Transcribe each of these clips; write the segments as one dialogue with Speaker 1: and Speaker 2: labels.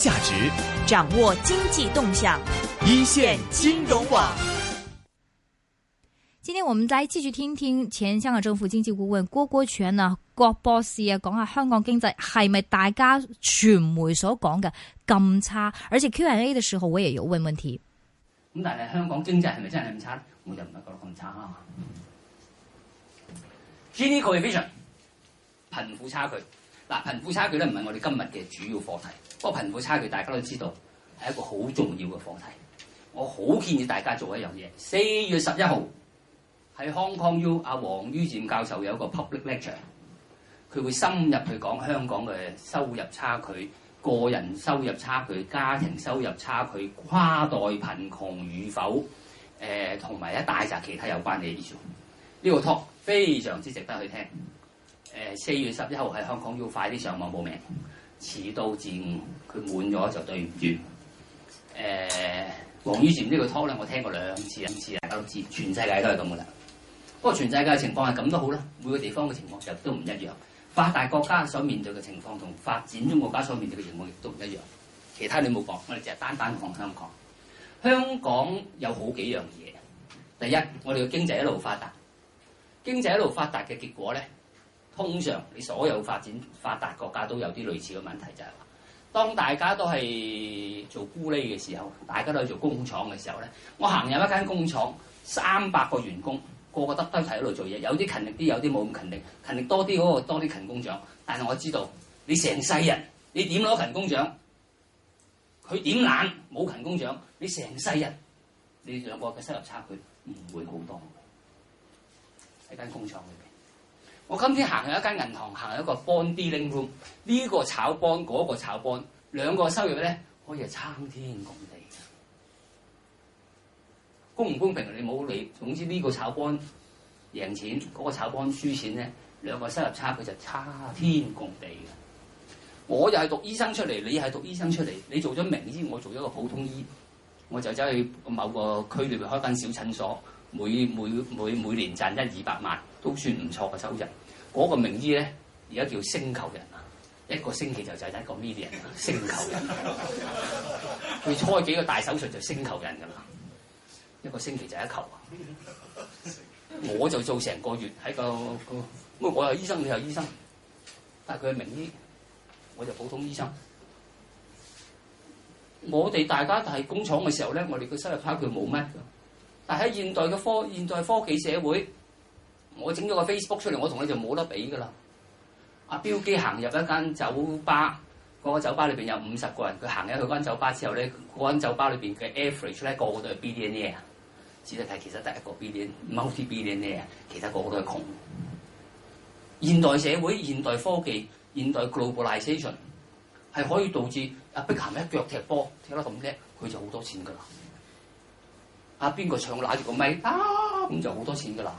Speaker 1: 價值掌握經濟動向，一線金融網。
Speaker 2: 今天我們再繼續聽聽前香港政府經濟顧問、郭國全啊，郭博士啊，講下香港經濟係咪大家傳媒所講嘅
Speaker 1: 咁差？而且 Q&A 的時候我也有問問題。咁但係香港經濟係咪真係咁差呢？我又唔係覺得咁差啊。Gini coefficient，貧富差距。嗱，貧富差距呢，唔係我哋今日嘅主要課題。個貧富差距大家都知道係一個好重要嘅課題，我好建議大家做一樣嘢。四月十一號喺 Hong Kong U，阿王于漸教授有一個 public lecture，佢會深入去講香港嘅收入差距、個人收入差距、家庭收入差距、跨代貧窮與否，誒同埋一大集其他有關嘅 issue。呢、這個 talk 非常之值得去聽。誒、呃、四月十一號喺 Hong Kong U 快啲上網報名。似到似誤，佢滿咗就對唔住。誒、呃，黃於善呢個 talk 咧，我聽過兩次、三次，大家都知，全世界都係咁噶啦。不過全世界嘅情況係咁都好啦，每個地方嘅情況其實都唔一樣。發達國家所面對嘅情況同發展中國家所面對嘅情況亦都唔一樣。其他你冇講，我哋淨係單單講香港。香港有好幾樣嘢。第一，我哋嘅經濟一路發達，經濟一路發達嘅結果咧。通常你所有發展發達國家都有啲類似嘅問題，就係話當大家都係做咕喱嘅時候，大家都係做工廠嘅時候咧，我行入一間工廠，三百個員工個個得得喺度做嘢，有啲勤力啲，有啲冇咁勤力，勤力多啲嗰個多啲勤工獎。但係我知道你成世人，你點攞勤工獎，佢點懶冇勤工獎，你成世人，你兩個嘅收入差距唔會好多嘅喺間工廠裏邊。我今天行去一間銀行，行去一個 bond dealing room，呢個炒 bond，嗰個炒 bond，兩個收入咧可以係差天共地嘅。公唔公平你冇理，總之呢個炒 bond 贏錢，嗰個炒 bond 輸錢咧，兩個收入差佢就差天共地嘅。我又係讀醫生出嚟，你係讀醫生出嚟，你做咗名醫，我做咗個普通醫，我就走去某個區度開間小診所，每每每每年賺一二百萬都算唔錯嘅收入。嗰個名醫咧，而家叫星球人啦，一個星期就就就一個 million 星球人，佢 開幾個大手術就星球人噶啦，一個星期就係一球， 我就做成個月喺、那個，唔、那個，我有醫生，你有醫生，但係佢係名醫，我就普通醫生。我哋大家喺工廠嘅時候咧，我哋嘅收入卡，佢冇乜嘅，但係喺現代嘅科現代科技社會。我整咗個 Facebook 出嚟，我同你就冇得比㗎啦。阿、啊、彪基行入一間酒吧，嗰、那個酒吧裏邊有五十個人，佢行入去間酒吧之後咧，嗰間酒吧裏邊嘅 average 咧，個個都係 Billionaire 啊，只 e 睇其實第一個 Billion multi Billionaire 其他個，個個都係窮。現代社會、現代科技、現代 globalization 係可以導致阿、啊、碧咸一腳踢波踢得咁叻，佢就好多錢㗎啦。阿邊個唱攬住個咪，啊，咁、啊、就好多錢㗎啦。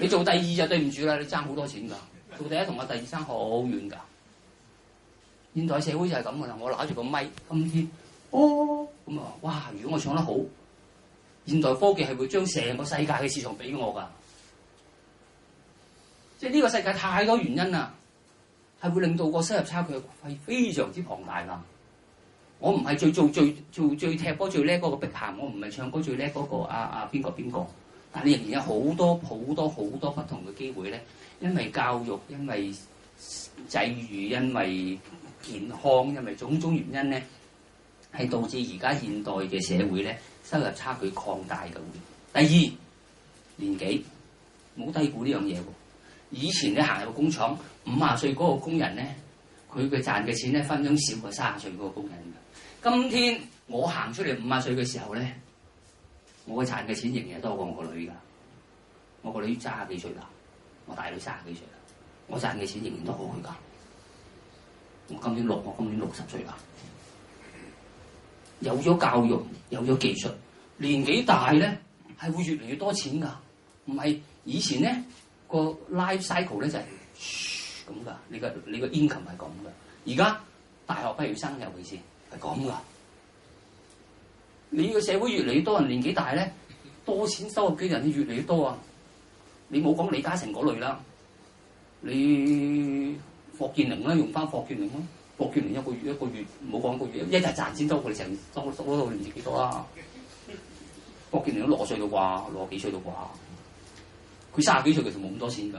Speaker 1: 你做第二就對唔住啦，你爭好多錢噶。做第一同我第二爭好遠噶。現代社會就係咁噶啦。我攞住個咪，今天哦咁啊，哇！如果我唱得好，現代科技係會將成個世界嘅市場俾我噶。即係呢個世界太多原因啦，係會令到個收入差距係非常之龐大啦。我唔係最做最做最，最踢波最叻嗰個碧咸，我唔係唱歌最叻嗰個阿阿邊個邊個。但你仍然有好多好多好多不同嘅機會咧，因為教育、因為際遇、因為健康、因為種種原因咧，係導致而家現代嘅社會咧收入差距擴大嘅。第二，年紀唔好低估呢樣嘢喎，以前你行入工廠，五十歲嗰個工人咧，佢嘅賺嘅錢咧分分鐘少過三十歲嗰個工人。今天我行出嚟五十歲嘅時候咧。我嘅賺嘅錢仍然係多過我個女噶，我個女卅幾歲啦，我大女卅幾歲啦，我賺嘅錢仍然多過佢噶。我今年六我今年六十歲啦，有咗教育，有咗技術，年紀大咧係會越嚟越多錢噶，唔係以前咧個 life cycle 咧就係咁噶，你個你個 income 係咁噶，而家大學畢業生尤其是，係咁噶。你個社會越嚟越多人年紀大咧，多錢收入嘅人越嚟越多啊！你冇講李嘉誠嗰類啦，你霍建寧啦，用翻霍建寧啦，霍建寧一個月一個月冇講一個月，一日賺錢多過你成多十多到年幾多啦、啊！ 霍建寧都六十歲到啩，六十幾歲到啩，佢卅幾歲其實冇咁多錢㗎。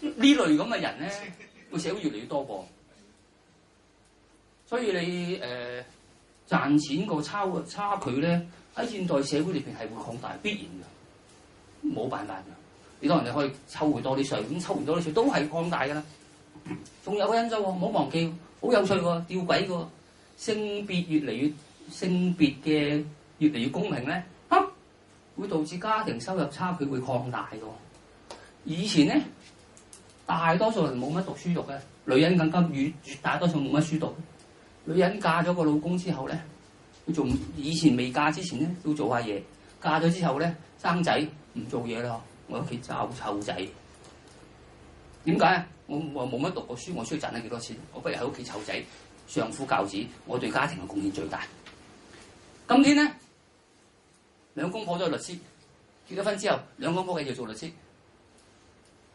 Speaker 1: 這類這呢類咁嘅人咧，個社會越嚟越多噃、啊，所以你誒。呃賺錢個差差距咧，喺現代社會裏邊係會擴大，必然嘅，冇辦法㗎。你當人哋可以抽回多啲稅，咁抽回多啲稅都係擴大㗎啦。仲有個因素，唔好忘記，好有趣喎，吊詭嘅，性別越嚟越性別嘅越嚟越公平咧，嚇，會導致家庭收入差距會擴大㗎。以前咧，大多數人冇乜讀書讀嘅，女人更加越，大多數冇乜書讀。女人嫁咗個老公之後咧，佢仲以前未嫁之前咧都做下嘢，嫁咗之後咧生仔唔做嘢咯。我喺屋企湊湊仔，點解啊？我我冇乜讀過書，我需要賺得幾多錢？我不如喺屋企湊仔、相夫教子，我對家庭嘅貢獻最大。今天咧，兩公婆都係律師，結咗婚之後，兩公婆繼續做律師，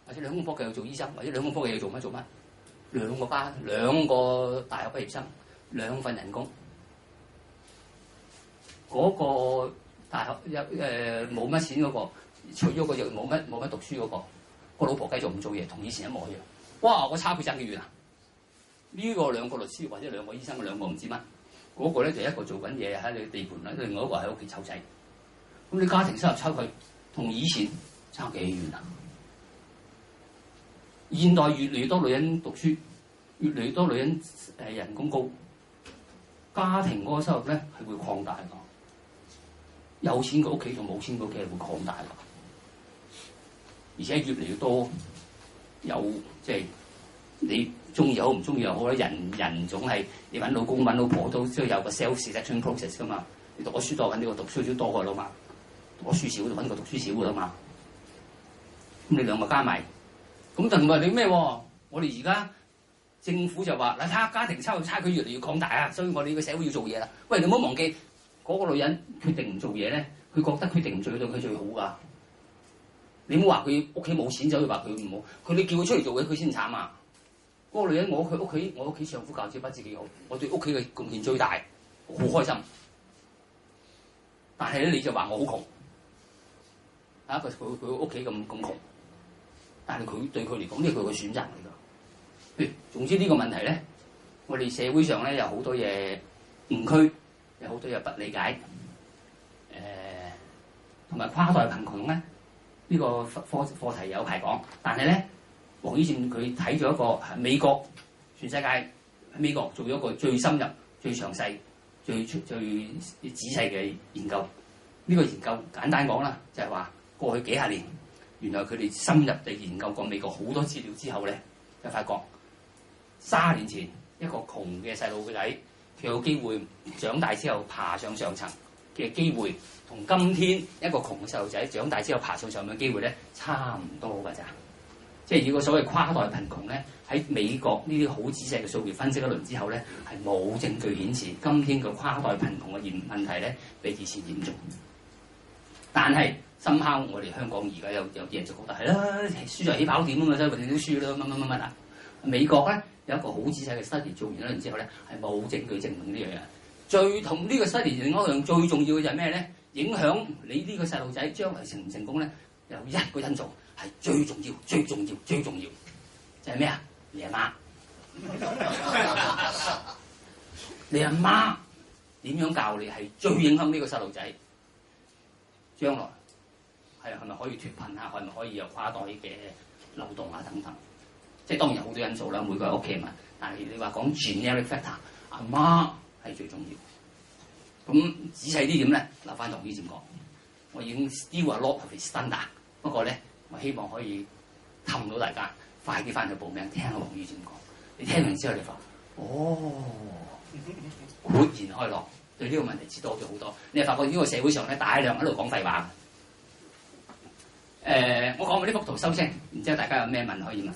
Speaker 1: 或者兩公婆繼續做醫生，或者兩公婆繼續做乜做乜，兩個班兩個大學畢業生。兩份人工，嗰個大學有誒冇乜錢嗰個，娶咗個又冇乜冇乜讀書嗰個，個老婆繼續唔做嘢，同以前一模一樣。哇！我差距爭幾遠啊？呢個兩個律師或者兩個醫生，兩個兩個唔知乜，嗰個咧就一個做緊嘢喺你地盤啦，另外一個喺屋企湊仔。咁你家庭收入差距同以前差幾遠啊？現代越嚟越多女人讀書，越嚟越多女人誒人工高。家庭嗰個收入咧係會擴大㗎，有錢嘅屋企同冇錢嘅屋企係會擴大㗎，而且越嚟越多有即係你中意好唔中意又好啦，人人總係你揾老公揾老婆都都要有個 self-selection process 㗎嘛。你讀咗書多揾呢個，個讀書少多嘅啦嘛，讀書少就揾個讀書少嘅啦嘛。咁你兩個加埋，咁同埋你咩喎？我哋而家。政府就話：嗱，睇家庭差異差距越嚟越擴大啊，所以我哋個社會要做嘢啦。喂，你唔好忘記嗰、那個女人決定唔做嘢咧，佢覺得佢決定唔做對佢最好㗎。你唔好話佢屋企冇錢，就以話佢唔好。佢你叫佢出嚟做嘢，佢先慘啊！嗰、那個女人我佢屋企，我屋企丈夫教書，不知幾好。我對屋企嘅貢獻最大，好開心。但係咧，你就話我好窮啊！佢佢屋企咁咁窮，但係佢對佢嚟講，呢個係佢嘅選擇嚟。總之呢個問題咧，我哋社會上咧有好多嘢誤區，有好多嘢不，不理解。誒、呃，同埋跨代貧窮咧，呢、這個課課課題有排講。但係咧，黃以善佢睇咗一個美國全世界美國做咗一個最深入、最詳細、最最仔細嘅研究。呢、這個研究簡單講啦，就係、是、話過去幾十年，原來佢哋深入地研究過美國好多資料之後咧，就發覺。三十年前一個窮嘅細路仔，佢有機會長大之後爬上上層嘅機會，同今天一個窮嘅細路仔長大之後爬上上層嘅機會咧，差唔多㗎咋？即係如果所謂跨代貧窮咧，喺美國呢啲好仔細嘅數據分析一輪之後咧，係冇證據顯示今天嘅跨代貧窮嘅現問題咧，比以前嚴重。但係深諳我哋香港而家有有啲人就覺得係啦，輸就起跑點啊嘛，即係永遠都輸啦，乜乜乜乜啊？美國咧。有一個好仔細嘅 study 做完咗然之後咧，係冇證據證明呢樣嘢。最同呢個 study 另一樣最重要嘅就係咩咧？影響你呢個細路仔將來成唔成功咧？由一個人做係最，最重要、最重要、最重要，就係咩啊？你阿媽， 你阿媽點樣教你係最影響呢個細路仔將來係係咪可以脫貧啊？係咪可以有跨代嘅流動啊？等等。
Speaker 2: 即係當然有好多因素啦，每個屋企人。
Speaker 1: 但係你話講 generic factor，阿媽係最重要。咁仔細啲點咧？留翻同于漸講。我已經丟啊 lock 去 stand，不過咧，我希望可以氹到大家，快啲翻去報名聽王于漸講。你聽完之後你話，哦，豁然開朗，對呢個問題知多咗好多。你係發覺呢個社會上咧大量喺度講廢話。誒、呃，我講完呢幅圖收聲，唔知大家有咩問可以問？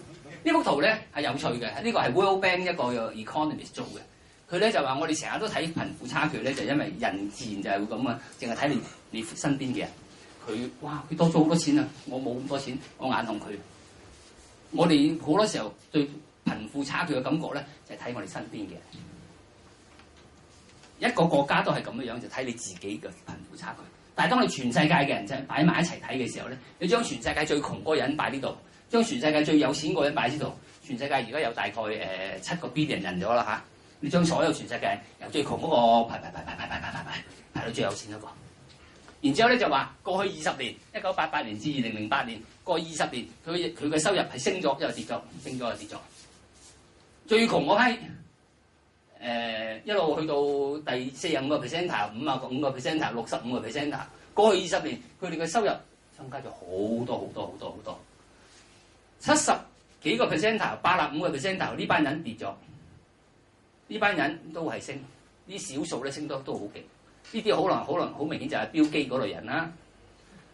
Speaker 1: 呢幅圖咧係有趣嘅，呢個係 World Bank 一個 economist 做嘅。佢咧就話：我哋成日都睇貧富差距咧，就因為人自然就係會咁啊，淨係睇你你身邊嘅人。佢哇，佢多咗好多錢啊！我冇咁多錢，我眼紅佢。我哋好多時候對貧富差距嘅感覺咧，就係睇我哋身邊嘅人。一個國家都係咁樣樣，就睇你自己嘅貧富差距。但係當你全世界嘅人就係擺埋一齊睇嘅時候咧，你將全世界最窮嗰個人擺呢度。將全世界最有錢嗰人擺喺度，全世界而家有大概誒七個 billion 人咗啦嚇。你將所有全世界由最窮嗰個排排排排排排排到最有錢嗰個，然之後咧就話過去二十年，一九八八年至二零零八年，過二十年，佢佢嘅收入係升咗又跌咗，升咗又跌咗。最窮嗰批誒一路去到第四十五個 percent 啊，五十五個 percent 啊，六十五個 percent 啊，過去二十年佢哋嘅收入增加咗好多好多好多好多。七十幾個 percent 頭，八十五個 percent 頭，呢班人跌咗，呢班人都係升，啲少數咧升得都好勁，呢啲可能可能好明顯就係標機嗰類人啦。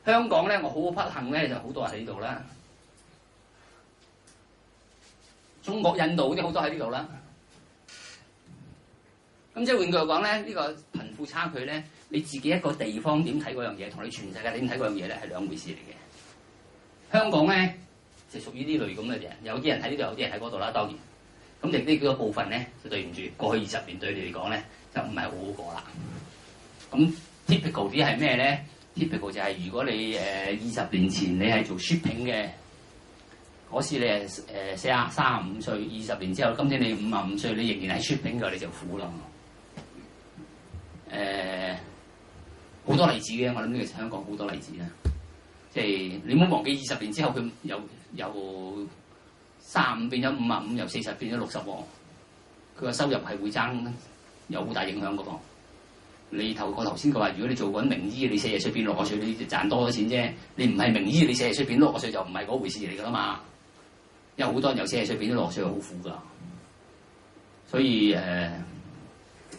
Speaker 1: 香港咧，我好不幸咧，就好多人喺呢度啦。中國、印度啲好多喺呢度啦。咁即係換句話講咧，呢個貧富差距咧，你自己一個地方點睇嗰樣嘢，同你全世界點睇嗰樣嘢咧，係兩回事嚟嘅。香港咧，就屬於呢類咁嘅嘢，有啲人喺呢度，有啲人喺嗰度啦。當然，咁呢啲個部分咧，就對唔住過去二十年對你嚟講咧，就唔係好好過啦。咁 typical 啲係咩咧？typical 就係如果你誒二十年前你係做 shipping 嘅，嗰時你係誒四啊三啊五歲，二十年之後，今天你五啊五歲，你仍然係 shipping 嘅，你就苦咯。誒、呃，好多例子嘅，我諗呢個香港好多例子啦。即係你唔好忘記，二十年之後佢有。由三五變咗五啊五，由四十變咗六十喎。佢個收入係會增，有好大影響噶噃。你頭個頭先佢話，如果你做緊名醫，你四十歲變六十歲，你賺多咗錢啫。你唔係名醫，你四十歲變六十歲就唔係嗰回事嚟噶啦嘛。因為好多人由四十歲變咗六十歲好苦噶。所以誒、呃，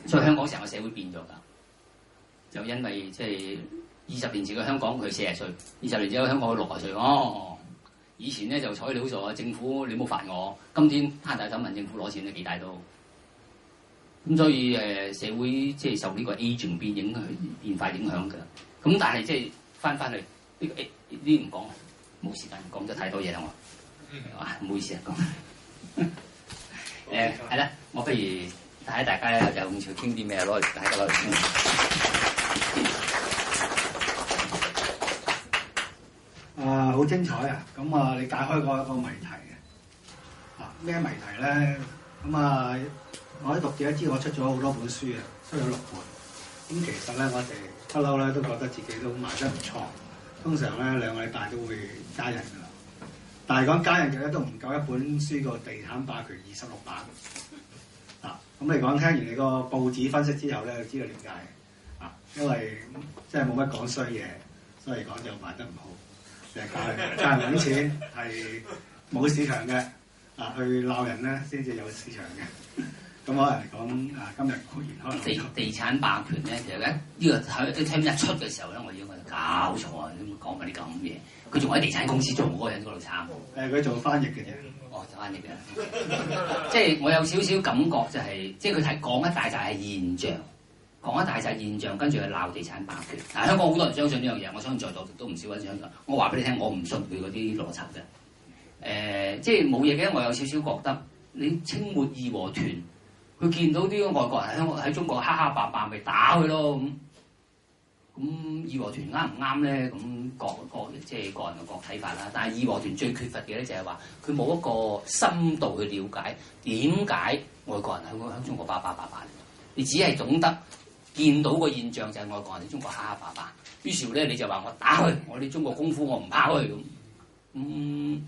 Speaker 1: 所以香港成個社會變咗噶。就因為即係二十年前嘅香港佢四十歲，二十年之後香港佢六十歲哦。以前咧就採料咗，政府你冇煩我。今天攤大手問政府攞錢咧幾大都，咁所以誒、呃、社會即係受呢個 Agent 變影響變化影響㗎。咁但係即係翻翻去呢、呢個 A 呢啲唔講，冇時間講咗太多嘢啦我。唔好意思啊講。誒係啦，我不如睇大家咧，就唔知傾啲咩攞嚟，大家攞嚟傾。
Speaker 2: 啊！好精彩啊！咁啊，你解開開一個謎題嘅啊？咩謎題咧？咁啊，我喺讀者知我出咗好多本書啊，出咗六本。咁、啊、其實咧，我哋不嬲咧都覺得自己都賣得唔錯。通常咧兩個禮拜都會加印噶。但係講加印嘅咧都唔夠一本書個《地產霸權》二十六版啊。咁你講，聽完你個報紙分析之後咧，知道點解啊？因為即係冇乜講衰嘢，所以講就賣得唔好。就係教人揾錢，係冇市場嘅啊！去鬧人咧，先至有市場嘅。咁可能嚟講啊，今日固然可能地地產霸權咧，其實咧、這、呢
Speaker 1: 個喺啲新聞一出嘅時候咧，我已經覺得搞錯啊！點會講埋啲咁嘢？佢仲喺地產公司做，嗰人嗰度慘。誒、欸，
Speaker 2: 佢做翻譯嘅啫。哦，做翻譯嘅， 即
Speaker 1: 係我有少少感覺、就是，就係即係佢係講一大大嘅現象。講一大陣現象，跟住去鬧地產霸權。啊，香港好多人相信呢樣嘢，我相信在座都唔少人相信。我話俾你聽，我唔信佢嗰啲邏輯嘅。誒、呃，即係冇嘢嘅。我有少少覺得，你清末義和團，佢見到啲外國人喺香港喺中國蝦蝦霸霸咪打佢咯。咁、嗯、咁，義和團啱唔啱咧？咁各各，各即係個人嘅各睇法啦。但係義和團最缺乏嘅咧就係話佢冇一個深度去了解點解外國人喺香港喺中國蝦蝦霸霸。你只係懂得。見到個現象就係外國人哋中國嚇嚇怕怕，於是乎咧你就話我打佢，我哋中國功夫我唔怕佢咁。咁、嗯、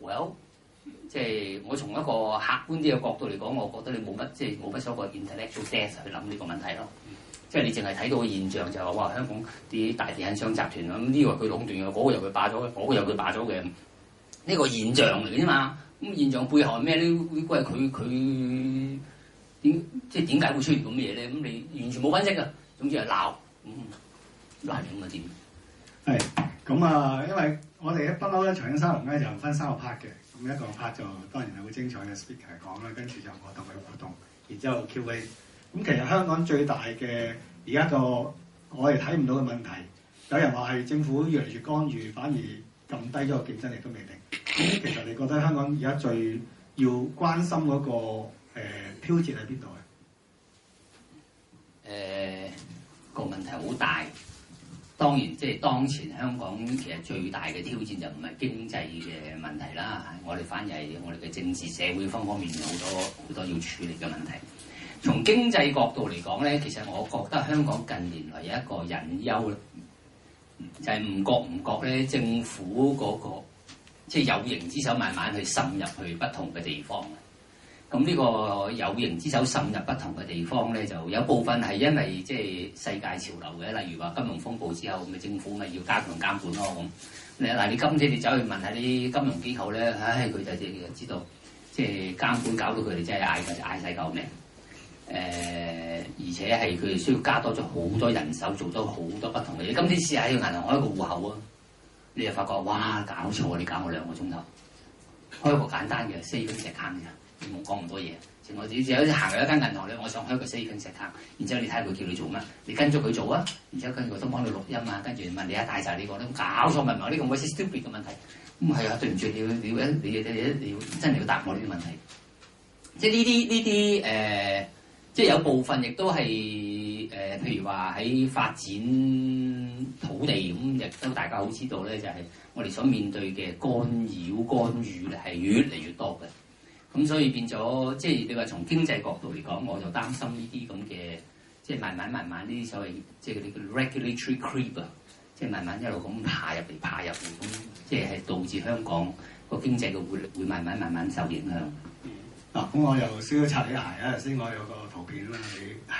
Speaker 1: well，即係我從一個客觀啲嘅角度嚟講，我覺得你冇乜即係冇乜所謂 intellectual death 去諗呢個問題咯。即、嗯、係、嗯、你淨係睇到個現象就係、是、話哇香港啲大地產商集團咁呢個佢壟斷嘅，嗰、那個又佢霸咗嘅，嗰、那個又佢霸咗嘅，呢、那個現象嚟嘅啫嘛。咁現象背後係咩咧？呢個係佢佢。即係點解會出現咁嘅嘢咧？
Speaker 2: 咁你完全冇分析嘅，總之係鬧咁拉咁啊？點係咁啊？因為我哋一不嬲咧，長青三號咧就分三個 part 嘅。咁一個 part 就當然係好精彩嘅 speaker 嚟講啦，跟住就我同佢互動，然之後 Q&A、嗯。咁其實香港最大嘅而家個我哋睇唔到嘅問題，有人話係政府越嚟越干預，反而撳低咗個競爭力都未定。咁其實你覺得香港而家最要關心嗰、那個、呃挑
Speaker 1: 戰喺邊度啊？誒、呃那
Speaker 2: 個問題好大，
Speaker 1: 當然即係、就是、當前香港其實最大嘅挑戰就唔係經濟嘅問題啦。我哋反而係我哋嘅政治社會方方面面有好多好多要處理嘅問題。從經濟角度嚟講咧，其實我覺得香港近年來有一個隱憂，就係、是、唔覺唔覺咧，政府嗰、那個即係、就是、有形之手慢慢去滲入去不同嘅地方。咁呢個有形之手滲入不同嘅地方咧，就有部分係因為即係世界潮流嘅，例如話金融風暴之後，咁政府咪要加強監管咯咁。嗱，你今次你走去問下啲金融機構咧，唉，佢就即係知道，即係監管搞到佢哋真係嗌就嗌晒救命。誒、呃，而且係佢哋需要加多咗好多人手，做多好多不同嘅嘢。今次試下喺銀行開一個戶口啊，你就發覺哇搞錯！你搞我兩個鐘頭，開一個簡單嘅四分石卡咋？唔好講咁多嘢。我自己好似行入一間銀行咧，我想開一個私人食客，然之後你睇下佢叫你做乜，你跟住佢做啊。然之後跟住我都幫你錄音啊。跟住問你一大晒你講咧，搞錯密碼呢個咁鬼死 stupid 嘅問題。咁係啊，對唔住，你要你要你要你要你要你要你要你要真係要答我呢啲問題。即係呢啲呢啲誒，即係有部分亦都係誒，譬如話喺發展土地咁，亦都大家好知道咧，就係、是、我哋所面對嘅干擾、干預咧，係越嚟越多嘅。咁所以變咗，即係你話從經濟角度嚟講，我就擔心呢啲咁嘅，即係慢慢慢慢呢啲所謂，即係嗰啲叫 regulatory creep 啊，即係慢慢一路咁爬入嚟、爬入嚟，咁即係係導致香港個經濟嘅會會慢慢慢慢
Speaker 2: 受影響。嗱、嗯，咁、啊、我又少少擦你鞋啊！頭先我有個圖片啦，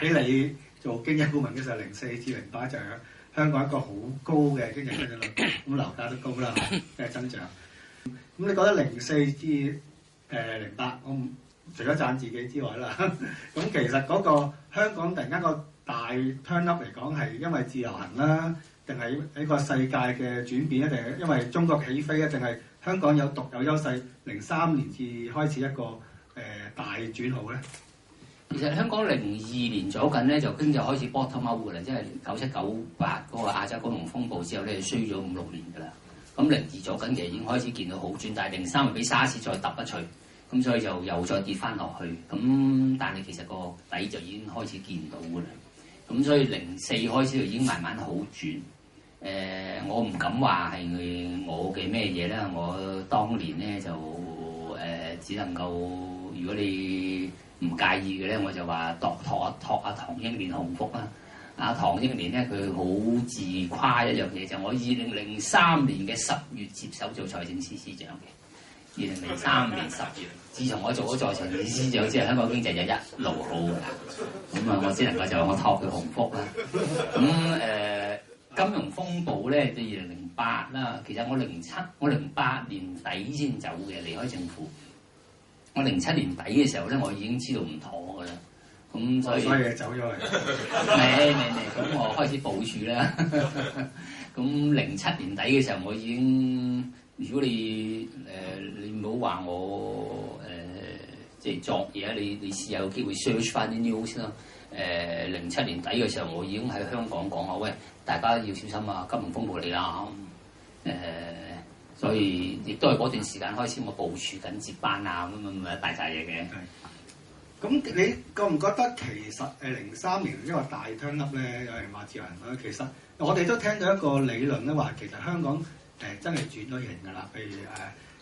Speaker 2: 你喺你做經濟顧問嘅時候，零四至零八就係香港一個好高嘅經濟增長，咁樓 價都高啦，即係 增長。咁你覺得零四至誒零八，我唔、呃嗯、除咗讚自己之外啦。咁其實嗰個香港突然間個大 turn up 嚟講，係因為自由行啦，定係喺個世界嘅轉變，定係因為中國起飛咧，定係香港有獨有優勢？零三年至開始一個誒、呃、大轉好咧。
Speaker 1: 其實香港零二年早近咧就經就開始 bottom out 嘅啦，即係九七九八嗰個亞洲金融風暴之後咧，衰咗五六年㗎啦。咁零二咗緊其實已經開始見到好轉，但係零三又俾沙士再揼一錘，咁所以就又再跌翻落去。咁但係其實個底就已經開始見到㗎啦。咁所以零四開始就已經慢慢好轉。誒、呃，我唔敢話係我嘅咩嘢啦。我當年咧就誒、呃、只能夠，如果你唔介意嘅咧，我就話度託阿託阿唐英年洪福啦。阿唐英年咧，佢好自誇一樣嘢，就係、我二零零三年嘅十月接手做財政司司長嘅，二零零三年十月，自從我做咗財政司司長之後，香港經濟就一路好㗎啦。咁、嗯、啊，我只能夠就我託佢洪福啦。咁、嗯、誒、呃，金融風暴咧，就二零零八啦。其實我零七、我零八年底先走嘅，離開政府。我零七年底嘅時候咧，我已經知道唔妥㗎啦。咁所以，所以走咗嚟。未未未，咁我開始部署啦。咁零七年底嘅時候，我已經，如果你誒、呃、你唔好話我誒、呃，即係作嘢你你，你試有機會 search 翻啲 news 先咯。零、呃、七年底嘅時候，我已經喺香港講話，喂，大家要小心啊，金融風暴嚟啦。誒、呃，所以亦都係嗰段時間開始，我部署緊接班啊，咁樣咁樣大扎嘢嘅。
Speaker 2: 咁你覺唔覺得其實誒零三年一個大吞粒咧，有人話自由行咧？其實我哋都聽到一個理論咧，話其實香港誒真係轉咗型㗎啦。譬如誒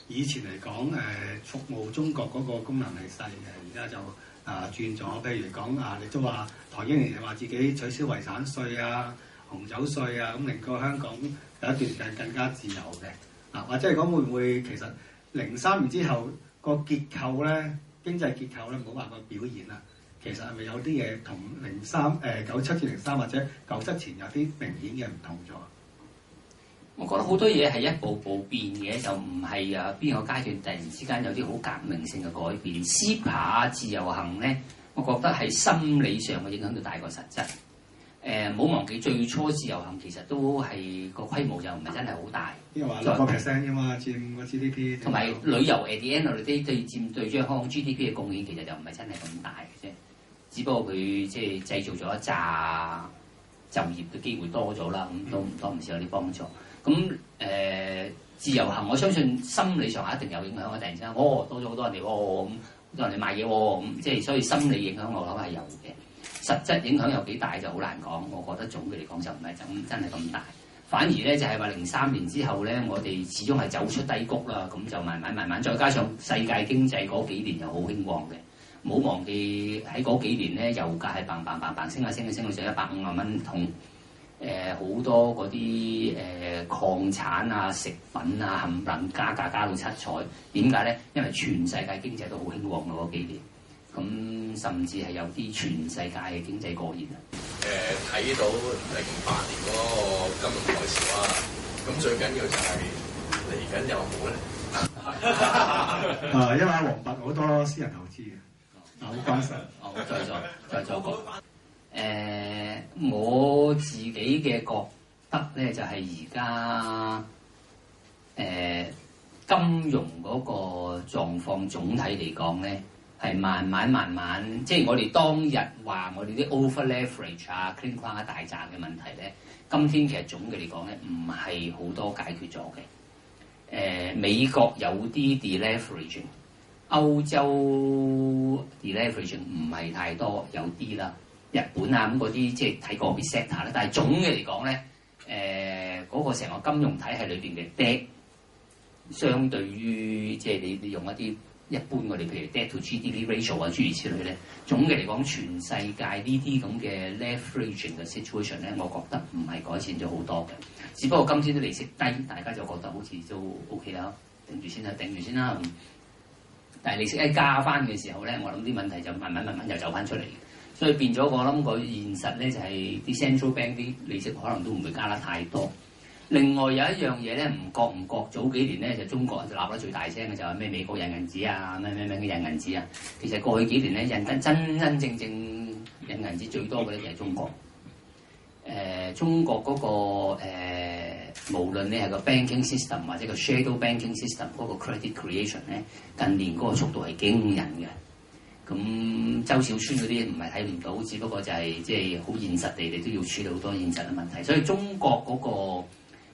Speaker 2: 以前嚟講誒服務中國嗰個功能係細嘅，而家就啊轉咗。譬如講啊，你都話唐英年話自己取消遺產稅啊、紅酒稅啊，咁令到香港有一段時間更加自由嘅。啊，或者係講會唔會其實零三年之後個結構咧？經濟結構咧，冇辦法表現啦，其實係咪有啲嘢同零三誒九七至零三或者九七前有啲明顯嘅唔同咗？我覺得好多嘢係一步步變嘅，就唔係啊邊個階段
Speaker 1: 突然之間有啲好革命性嘅改變。CEPA 自由行咧，我覺得係心理上嘅影響就大過實質。誒，冇、eh, 忘記最初自由行其實都係
Speaker 2: 個規模就唔係
Speaker 1: 真係好大，因為話六
Speaker 2: percent 啫嘛，佔個 GDP，同埋旅遊
Speaker 1: ADN 嗰啲對佔對香港 GDP 嘅貢獻其實就唔係真係咁大嘅啫，只不過佢即係製造咗一紮就業嘅機會多咗啦，咁、um, 都唔多唔少有啲幫助。咁誒，自由行我相信心理上係一定有影響嘅，突然之間，哦，多咗好多人哋，哦，咁多人哋買嘢，咁即係所以心理影響我諗係有嘅。實質影響有幾大就好難講，我覺得總嘅嚟講就唔係真真係咁大，反而咧就係話零三年之後咧，我哋始終係走出低谷啦，咁就慢慢慢慢，再加上世界經濟嗰幾年又好興旺嘅，冇忘記喺嗰幾年咧，油價係嘭嘭嘭嘭升啊升啊升到上一百五萬蚊，同誒好多嗰啲誒礦產啊、食品啊冚唪唥加價加到七彩，點解咧？因為全世界經濟都好興旺㗎嗰幾年。咁甚至係有啲全世界嘅經濟過熱啊、呃！誒，
Speaker 2: 睇到零八年嗰個金融海嘯啊，咁最緊要就係嚟緊有冇咧？啊， 因為阿黃伯好多私人投資嘅，好、
Speaker 1: 哦、關心、哦。再做再再再講。誒、呃，我自己嘅覺得咧，就係而家誒金融嗰個狀況總體嚟講咧。係慢慢慢慢，即係我哋當日話我哋啲 over leverage 啊、clean 框啊大賺嘅問題咧，今天其實總嘅嚟講咧，唔係好多解決咗嘅。誒、呃，美國有啲 deleveraging，歐洲 deleveraging 唔係太多，有啲啦，日本啊咁嗰啲即係睇個別 sector 啦，但係總嘅嚟講咧，誒、呃、嗰、那個成個金融體系裏邊嘅 debt 相對於即係你你用一啲。一般我哋譬如 debt to GDP ratio 啊諸如此類咧，總嘅嚟講全世界呢啲咁嘅 leveraging 嘅 situation 咧，我覺得唔係改善咗好多嘅。只不過今天啲利息低，大家就覺得好似都 OK 啦，頂住先啦、啊，頂住先啦、啊嗯。但係利息一加翻嘅時候咧，我諗啲問題就慢慢慢慢又走翻出嚟。所以變咗我諗個現實咧就係啲 central bank 啲利息可能都唔會加得太多。另外有一樣嘢咧，唔覺唔覺，早幾年咧就中國就鬧得最大聲嘅就係咩美國印銀紙啊，咩咩咩嘅印銀紙啊。其實過去幾年咧印得真真正正印銀紙最多嘅咧就係中國。誒、呃，中國嗰、嗰個誒、呃，無論你係個 banking system 或者個 shadow banking system 嗰個 credit creation 咧，近年嗰個速度係驚人嘅。咁周小川嗰啲唔係睇唔到，只不過就係即係好現實地，你都要處理好多現實嘅問題。所以中國嗰、嗰個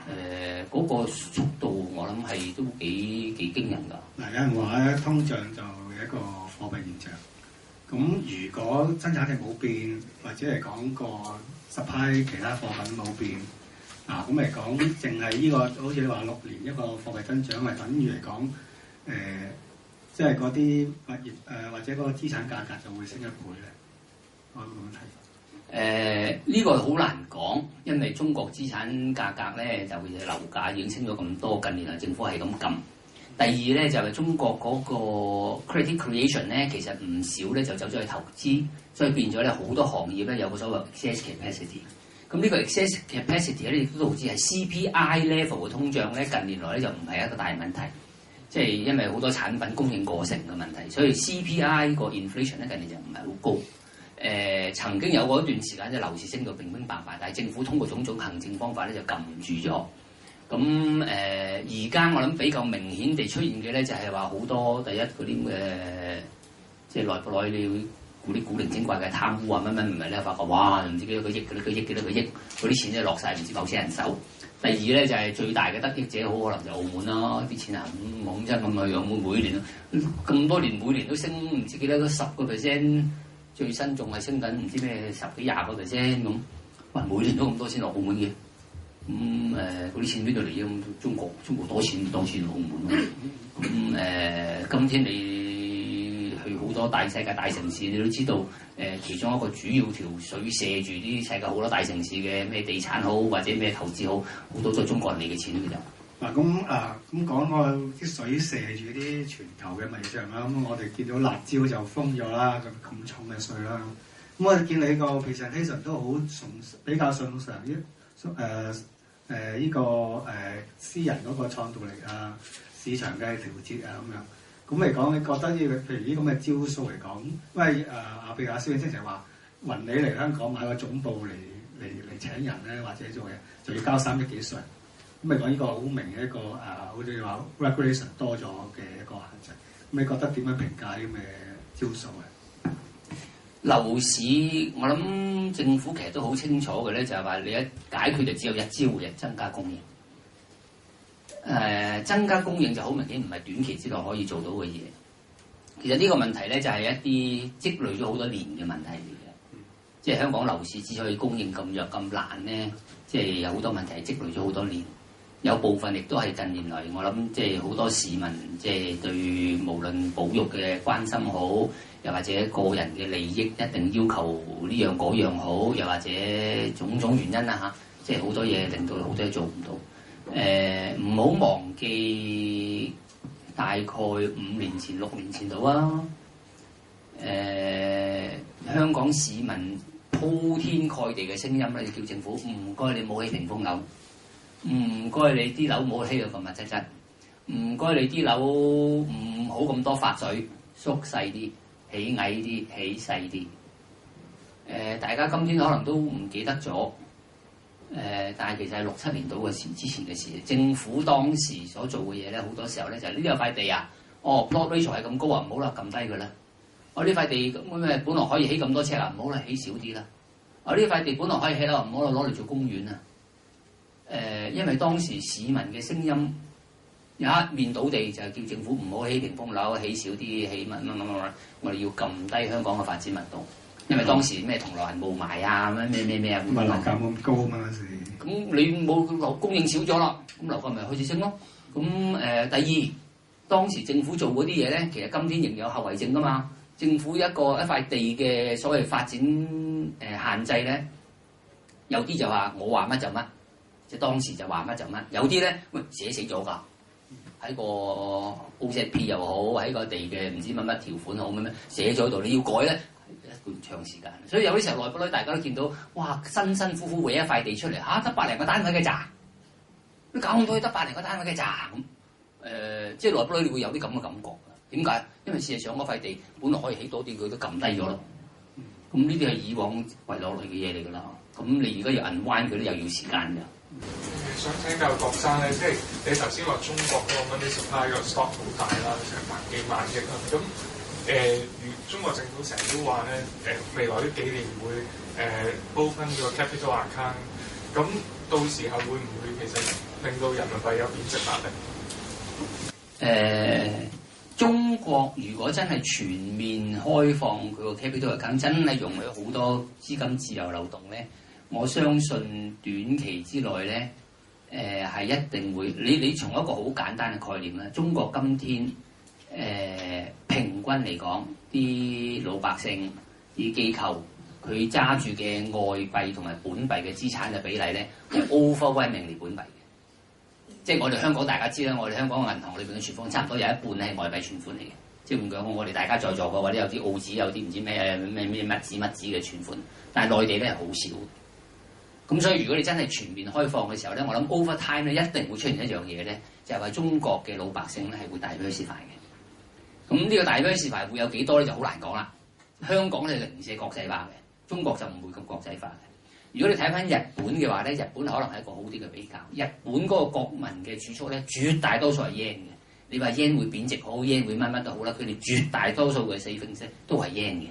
Speaker 1: 誒嗰、呃那個速度，我諗係
Speaker 2: 都幾幾驚人㗎。嗱有人話咧，通脹就有一個貨幣現象。咁如果生產係冇變，或者係講個 supply 其他貨品冇變，嗱咁嚟講，淨係呢個好似你話六年一個貨幣增長，係、就是、等於嚟講誒，即係嗰啲物業誒、呃、或者嗰個資產價格就會升一倍咧。好唔好？誒呢、呃這個好難
Speaker 1: 講，因為中國資產價格咧就會樓價已經升咗咁多，近年來政府係咁撳。第二咧就係、是、中國嗰個 credit creation 咧，其實唔少咧就走咗去投資，所以變咗咧好多行業咧有個所謂 excess capacity, capacity。咁呢個 excess capacity 咧，亦都導致係 CPI level 嘅通脹咧，近年來咧就唔係一個大問題，即
Speaker 2: 係因為好
Speaker 1: 多產品供應過剩嘅問題，所以 CPI 個 inflation 咧近年就唔係好高。誒、呃、曾經有過一段時間，即係樓市升到兵兵敗敗，但係政府通過種種行政方法咧就撳住咗。咁誒、呃，而家我諗比較明顯地出現嘅咧，就係話好多第一嗰啲嘅，即係內部內裏古啲古靈精怪嘅貪污啊，乜乜唔係咧，發覺哇，唔知幾多個億，幾多個億，幾多個億，嗰啲錢咧落晒，唔知某些人手。第二咧就係最大嘅得益者 prueba, ist,，好可能就澳門啦，啲錢啊，咁真增咁啊，澳門每年咁多年每年都升唔知幾多個十個 percent。最新仲係升緊，唔知咩十幾廿個 percent 咁，哇！每年都咁多錢落澳門嘅，咁誒嗰啲錢邊度嚟嘅？咁中國中國多錢，多錢落澳門咁誒、嗯呃，今天你去好多大世界大城市，你都知道誒、呃，其中一個主要條水射住啲世界好多大城市嘅咩地產好，或者咩投資好，好多都係中國人嚟嘅錢㗎就。
Speaker 2: 嗱，咁啊、嗯，咁、嗯、講個啲水射住啲全球嘅物象啦，咁、嗯、我哋見到辣椒就封咗啦，咁咁重嘅稅啦。咁、嗯、我見你個 presentation 都好崇，比較崇尚於誒誒依個誒私人嗰個創造力啊，市場嘅調節啊咁樣。咁嚟講，你覺得呢譬如依咁嘅招數嚟講，喂，為誒，譬如阿蕭永清成話，搵你嚟香港買個總部嚟嚟嚟請人咧，或者做嘢，就要交三億幾稅。咁咪講呢個好明嘅一個誒，好似話
Speaker 1: regulation 多咗嘅一個限制。咁你覺得點樣評價啲咩招數啊？樓市我諗政府其實都好清楚嘅咧，就係話你一解決就只有一招嘅，增加供應。誒、呃，增加供應就好明顯，唔係短期之內可以做到嘅嘢。其實呢個問題咧就係一啲積累咗好多年嘅問題嚟嘅，即係香港樓市之所以供應咁弱咁難咧，即係有好多問題積累咗好多年。有部分亦都係近年來，我諗即係好多市民即係對無論保育嘅關心好，又或者個人嘅利益一定要求呢樣嗰樣好，又或者種種原因啊，嚇，即係好多嘢令到好多嘢做唔到。誒、呃，唔好忘記大概五年前、六年前度啊！誒、呃，香港市民鋪天蓋地嘅聲音咧，你叫政府唔該你冇起屏風樓。唔該，你啲樓冇起到咁密質質。唔該，你啲樓唔好咁多發水，縮細啲，起矮啲，起細啲。誒、呃，大家今天可能都唔記得咗。誒、呃，但係其實係六七年度嘅事，之前嘅事，政府當時所做嘅嘢咧，好多時候咧就呢、是、有塊地啊，哦 plot ratio 係咁高啊，唔好啦，撳低佢啦。我、哦、呢塊地咁咩本來可以起咁多尺啊，唔好啦，起少啲啦。我、哦、呢塊地本來可以起樓，唔好啦，攞嚟做公園啊。誒，因為當時市民嘅聲音有一、啊、面倒地，就係叫政府唔好起屏風樓，起少啲，起乜乜乜乜，我哋要撳低香港嘅發展密度。因為當時咩同來係霧霾啊，咩咩咩啊，物價咁
Speaker 2: 高嘛，是
Speaker 1: 咁、啊、你冇樓供應少咗啦，咁樓價咪開始升咯。咁誒、呃，第二當時政府做嗰啲嘢咧，其實今天仍有後遺症㗎嘛。政府一個一塊地嘅所謂發展誒、呃、限制咧，有啲就話我話乜就乜。即當時就話乜就乜，有啲咧，喂寫死咗㗎，喺個 OZP 又好，喺個地嘅唔知乜乜條款又好，咁樣寫咗喺度。你要改咧，一段長時間。所以有啲時候內部裏大家都見到，哇辛辛苦苦搵一塊地出嚟吓，得、啊、百零個單位嘅咋？你搞咁多，得百零個單位嘅咋咁？誒、呃，即內部裏你會有啲咁嘅感覺。點解？因為事實上嗰塊地本來可以起多啲，佢都撳低咗咯。咁呢啲係以往遺落落嚟嘅嘢嚟㗎啦。咁你而家要銀彎佢都又要時間㗎。
Speaker 2: 想請教郭生咧，即係你頭先話中國嗰 money supply 嗰個 stock 好大啦，成百幾萬億啦。咁誒、呃，中國政府成日都話咧，誒、呃，未來呢幾年會誒，open、呃、個 capital account。咁到時候會唔會其實令到人民幣有貶值壓力？誒、
Speaker 1: 呃，中國如果真係全面開放佢個 capital account，真係容許好多資金自由流動咧？我相信短期之內咧，誒、呃、係一定會你。你從一個好簡單嘅概念啦，中國今天誒、呃、平均嚟講，啲老百姓、啲機構佢揸住嘅外幣同埋本幣嘅資產嘅比例咧，係 overweigh 名利本幣嘅。即係我哋香港大家知啦，我哋香港嘅銀行裏邊嘅存款差唔多有一半咧係外幣存款嚟嘅，即係換句話，我哋大家在座嘅或者有啲澳紙，有啲唔知咩誒咩咩乜子乜子嘅存款，但係內地咧係好少。咁所以如果你真係全面開放嘅時候咧，我諗 over time 咧一定會出現一樣嘢咧，就係話中國嘅老百姓咧係會大批示範嘅。咁呢個大批示範會有幾多咧就好難講啦。香港咧零舍國際化嘅，中國就唔會咁國際化嘅。如果你睇翻日本嘅話咧，日本可能係一個好啲嘅比較。日本嗰個國民嘅儲蓄咧，絕大多數係 yen 嘅。你話 yen 會貶值好 yen 會乜乜都好啦，佢哋絕大多數嘅 saving 都係 yen 嘅。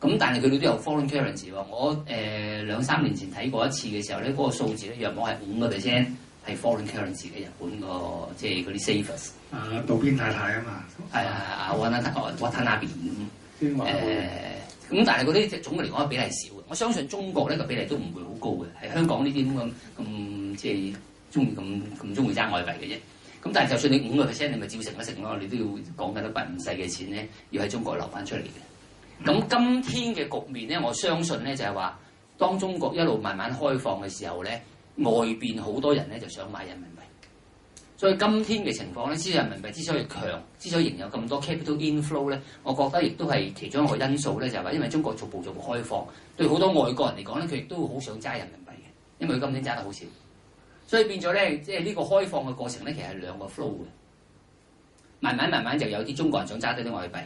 Speaker 1: 咁但係佢哋都有 foreign currency，我誒、呃、兩三年前睇過一次嘅時候咧，嗰、那個數字咧入邊係五個 percent 係 foreign currency 嘅。日本個即係嗰啲 savers 啊，渡邊太太啊嘛，係啊，阿 One 啊，阿 Watanabe 咁，但係嗰啲即係總嘅嚟講比例少嘅，我相信中國咧個比例都唔會好高嘅，係香港呢啲咁咁即係中意咁咁中意揸外幣嘅啫。咁但係就算你五個 percent 你咪照成一成咯，你都要講緊一筆唔細嘅錢咧，要喺中國留翻出嚟嘅。咁今天嘅局面咧，我相信咧就係話，當中國一路慢慢開放嘅時候咧，外邊好多人咧就想買人民幣。所以今天嘅情況咧，之所以人民幣之所以強，之所以仍有咁多 capital inflow 咧，我覺得亦都係其中一個因素咧，就係話，因為中國逐步逐步開放，對好多外國人嚟講咧，佢亦都好想揸人民幣嘅，因為佢今年揸得好少。所以變咗咧，即係呢個開放嘅過程咧，其實係兩個 flow 嘅，慢慢慢慢就有啲中國人想揸多啲外幣。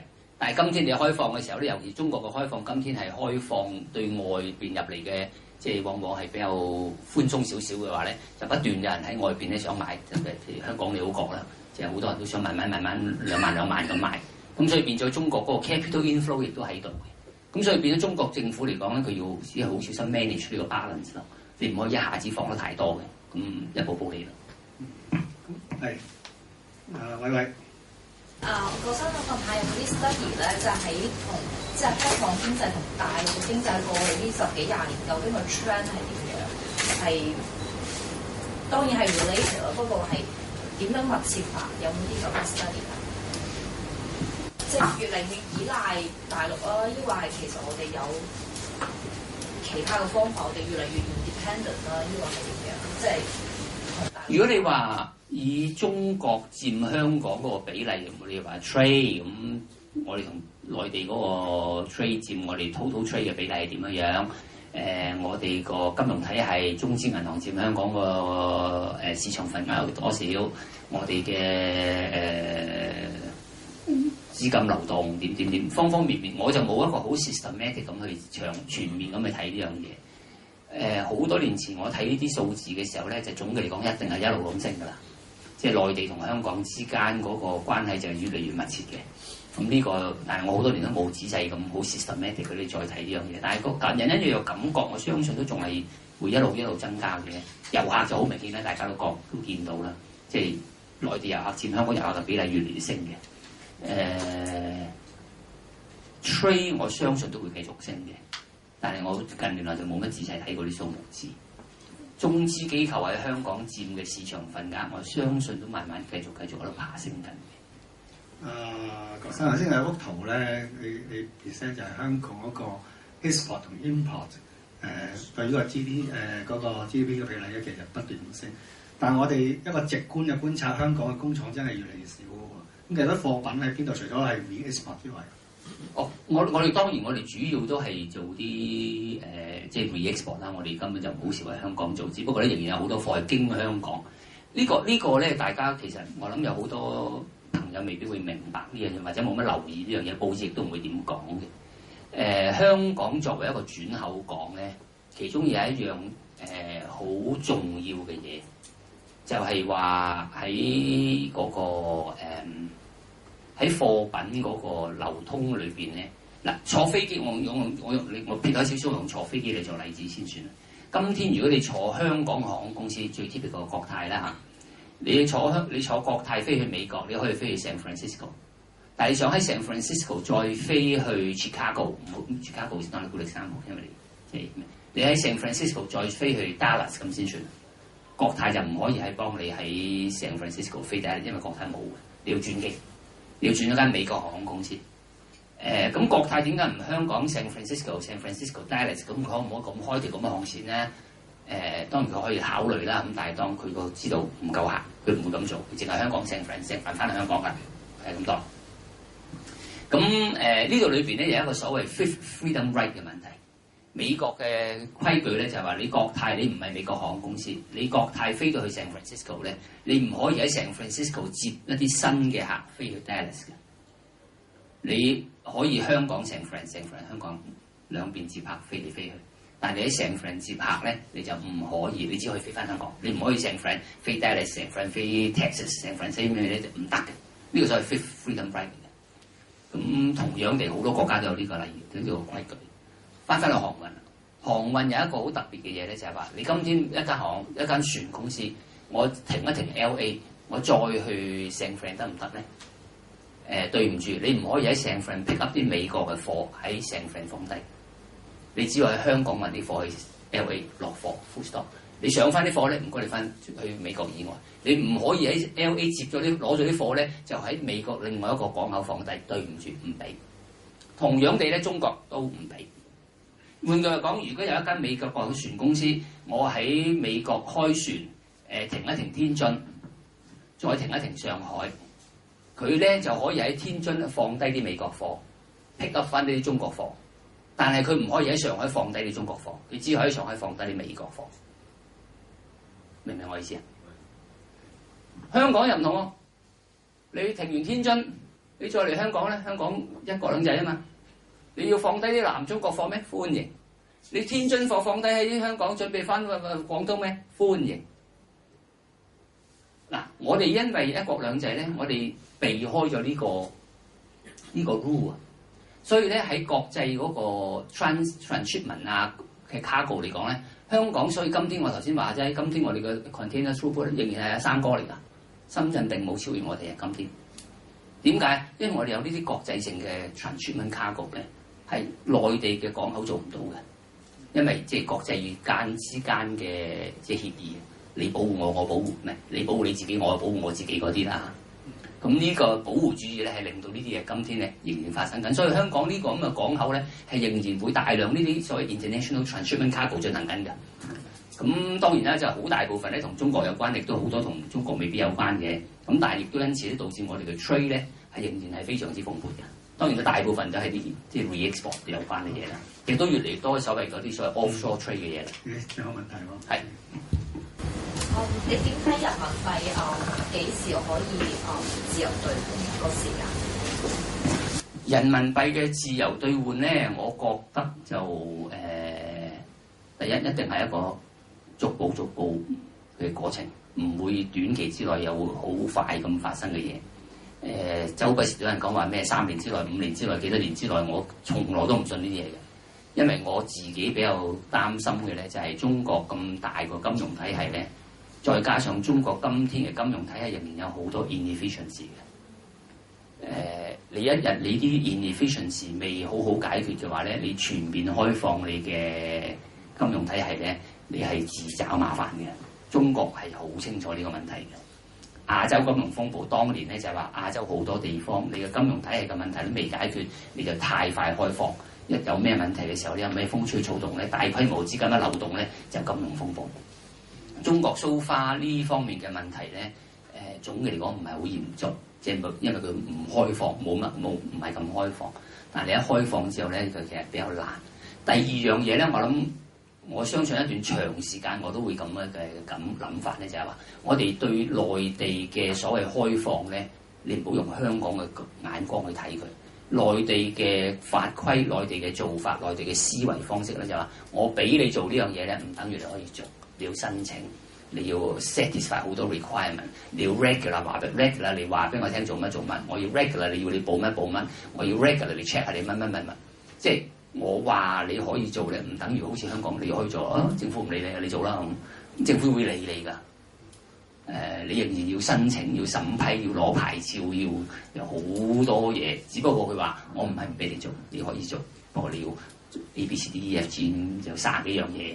Speaker 1: 但係今天你開放嘅時候咧，尤其中國嘅開放，今天係開放對外邊入嚟嘅，即係往往係比較寬鬆少少嘅話咧，就不斷有人喺外邊咧想買，譬如香港你好講啦，即係好多人都想慢慢慢慢兩萬兩萬咁買，咁所以變咗中國嗰個 capital inflow 亦都喺度嘅，咁所以變咗中國政府嚟講咧，佢要先係好小心 manage 呢個 balance 咯，你唔可以一下子放得太多嘅，咁一步步嚟咯。嗯，係，啊，喂喂。啊，我想問下有冇啲 study 咧，就喺、是、同即係香港經濟同大陸經濟過去呢十幾廿年，究竟個 t r a i n d 係點樣？係當然係 related 不過係點樣密切法？有冇啲咁嘅 study 即係越嚟越依賴大陸啊，抑或係其實我哋有其他嘅方法，我哋越嚟越 dependent 啦、啊，依、這個係點樣？即、就、係、是啊、如果你話。以中國佔香港嗰個比例，你話 trade 咁，我哋同內地嗰個 trade 佔我哋 total trade 嘅比例係點樣樣？誒，我哋個金融體系，中資銀行佔香港個誒、呃、市場份額有多少？我哋嘅、呃、資金流動點點點，方方面面，我就冇一個好 systematic 咁去長全面咁去睇呢樣嘢。誒、呃，好多年前我睇呢啲數字嘅時候咧，就總嘅嚟講一定係一路咁升㗎啦。即係內地同香港之間嗰個關係就係越嚟越密切嘅。咁呢個，但係我好多年都冇仔細咁好 systematic 嗰啲再睇呢樣嘢。但係個人一樣有感覺，我相信都仲係會一路一路增加嘅。遊客就好明顯啦，大家都覺都見到啦。即係內地遊客佔香港遊客嘅比例越嚟越升嘅。誒，trade 我相信都會繼續升嘅，但係我近年來就冇乜仔細睇過啲數目字。中資機構喺香港佔嘅市場份額，我相信都慢慢繼續繼續喺度爬
Speaker 2: 升緊。誒、呃，我頭先有幅圖咧，你你 present 就係香港嗰個 export 同 import 誒、呃，對於個 G D 誒、呃、嗰、那個、G D P 嘅比例咧，其實不斷升。但係我哋一個直觀嘅觀察，香港嘅工廠真係越嚟越少喎。咁其實啲貨品喺邊度？除咗係 re export 之外。哦、我我我哋當然
Speaker 1: 我哋主要都係做啲誒，即、呃、係、就是、re-export 啦。我哋根本就唔好少喺香港做，只不過咧仍然有好多貨係經香港。呢、這個這個呢個咧，大家其實我諗有好多朋友未必會明白呢樣嘢，或者冇乜留意呢樣嘢，報紙亦都唔會點講嘅。
Speaker 2: 誒、呃，香
Speaker 1: 港作為一個轉口港咧，其中有一樣誒好、呃、重要嘅嘢，就係話喺嗰個、呃喺貨品嗰個流通裏邊咧，嗱坐飛機我我我用我撇開少少用坐飛機嚟做例子先算。今天如果你坐香港航空公司最 typical 個國泰啦嚇、啊，你坐香你坐國泰飛去美國，你可以飛去 San Francisco。但係你想喺 San Francisco 再飛去 Chicago，唔好 Chicago 先當你古力三湖，因為你你你喺 San Francisco 再飛去 Dallas 咁先算。國泰就唔可以係幫你喺 San Francisco 飛第一，因為國泰冇嘅，你要轉機。要轉咗間美國航空公司，誒、呃、咁國泰點解唔香港 San Francisco、San Francisco、Dallas？咁佢可唔可以咁開條咁嘅航線咧？誒、呃、當然佢可以考慮啦，咁但係當佢個知道唔夠客，佢唔會咁做，佢淨係香港 San Francisco 運翻嚟香港嘅，係咁多。咁誒、呃、呢度裏邊咧有一個所謂 fifth freedom right 嘅問題。美國嘅規矩咧就係、是、話你國泰，你唔係美國航空公司，你國泰飛到去 San Francisco 咧，你唔可以喺 San Francisco 接一啲新嘅客飛去 Dallas 嘅。你可以香港 San Fran San Fran 香港兩邊接客飛嚟飛去，但係你喺 San Fran 接客咧，你就唔可以，你只可以飛翻香港，你唔可以 San Fran 飛 Dallas San Fran 飛 Texas San Fran 咩咧，就唔得嘅，呢個所謂 freedom riding 嘅。咁同樣地好多國家都有呢個例如點叫規矩翻返嚟航運，航運有一個好特別嘅嘢咧，就係、是、話你今天一家航、一家船公司，我停一停 L A，我再去 San Fran 得唔得咧？誒、呃，對唔住，你唔可以喺 San Fran pick up 啲美國嘅貨喺 San Fran 放低，你只可喺香港運啲貨去 L A 落貨。First stop，你上翻啲貨咧，唔該你翻去美國以外，你唔可以喺 L A 接咗啲攞咗啲貨咧，就喺美國另外一個港口放低。對唔住，唔俾。同樣地咧，中國都唔俾。換句話講，如果有一間美國貨船公司，我喺美國開船，誒、呃、停一停天津，再停一停上海，佢咧就可以喺天津放低啲美國貨，pick up 翻啲中國貨，但係佢唔可以喺上海放低啲中國貨，佢只可以喺上海放低啲美國貨。明唔明我意思啊？香港又唔同喎，你停完天津，你再嚟香港咧，香港一國兩制啊嘛。你要放低啲南中國貨咩？歡迎。你天津貨放低喺香港準備翻去廣東咩？歡迎。嗱，我哋因為一國兩制咧，我哋避開咗呢個呢個 rule 啊，所以咧喺國際嗰個 trans-transshipment trans 啊嘅 cargo 嚟講咧，香港所以今天我頭先話即係，今天我哋嘅 container throughput 仍然係阿三哥嚟噶，深圳並冇超越我哋啊！今天點解？因為我哋有呢啲國際性嘅 transshipment cargo 咧。係內地嘅港口做唔到嘅，因為即係國際間之間嘅即係協議，你保護我，我保護唔係你保護你自己，我保護我自己嗰啲啦。咁、啊、呢、嗯嗯、個保護主義咧，係令到呢啲嘢今天咧仍然發生緊。所以香港呢個咁嘅港口咧，係仍然會大量呢啲所謂 international transshipment cargo 進行緊㗎。咁、嗯、當然啦，就係、是、好大部分咧同中國有關，亦都好多同中國未必有關嘅。咁但係亦都因此咧，導致我哋嘅 trade 咧係仍然係非常之蓬勃嘅。當然，大部分都係啲即係 re-export 有關嘅嘢啦，亦都越嚟越多所謂嗰啲所謂 offshore trade 嘅嘢啦。誒、嗯，冇問題喎、啊是嗯。你點睇人民幣啊？幾、呃、時可以啊、呃？自由
Speaker 2: 兌
Speaker 1: 換個時間？人民幣嘅自由兌換咧，我覺得就誒、呃，第一一定係一個逐步逐步嘅過程，唔會短期之內又會好快咁發生嘅嘢。誒、呃，周不時有人講話咩？三年之內、五年之內、幾多年之內，我從來都唔信呢啲嘢嘅。因為我自己比較擔心嘅咧，就係、是、中國咁大個金融體系咧，再加上中國今天嘅金融體系入面有好多 inefficiency 嘅。誒、呃，你一日你啲 inefficiency 未好好解決嘅話咧，你全面開放你嘅金融體系咧，你係自找麻煩嘅。中國係好清楚呢個問題嘅。亞洲金融風暴當年咧，就係話亞洲好多地方你嘅金融體系嘅問題都未解決，你就太快開放，一有咩問題嘅時候你有，咩風吹草動咧，大規模資金嘅流動咧，就金融風暴。中國 so far 呢方面嘅問題咧，誒、呃、總嘅嚟講唔係好嚴重，即、就、係、是、因為佢唔開放，冇乜冇唔係咁開放。但係你一開放之後咧，就其實比較難。第二樣嘢咧，我諗。我相信一段長時間我都會咁樣嘅咁諗法咧，就係話我哋對內地嘅所謂開放咧，你唔好用香港嘅眼光去睇佢。內地嘅法規、內地嘅做法、內地嘅思維方式咧，就話我俾你做呢樣嘢咧，唔等於你可以做。你要申請，你要 satisfy 好多 requirement，你要 regular 話 regular，你話俾我聽做乜做乜，我要 regular，你要你報乜報乜，我要 regularly check 下你乜乜乜乜，即係。我話你可以做咧，唔等於好似香港你可以做啊！政府唔理你，你做啦。政府會理你㗎。誒、呃，你仍然要申請、要審批、要攞牌照、要有好多嘢。只不過佢話我唔係唔俾你做，你可以做。不過你要 A、B、C、D 啊，仲有卅幾樣嘢。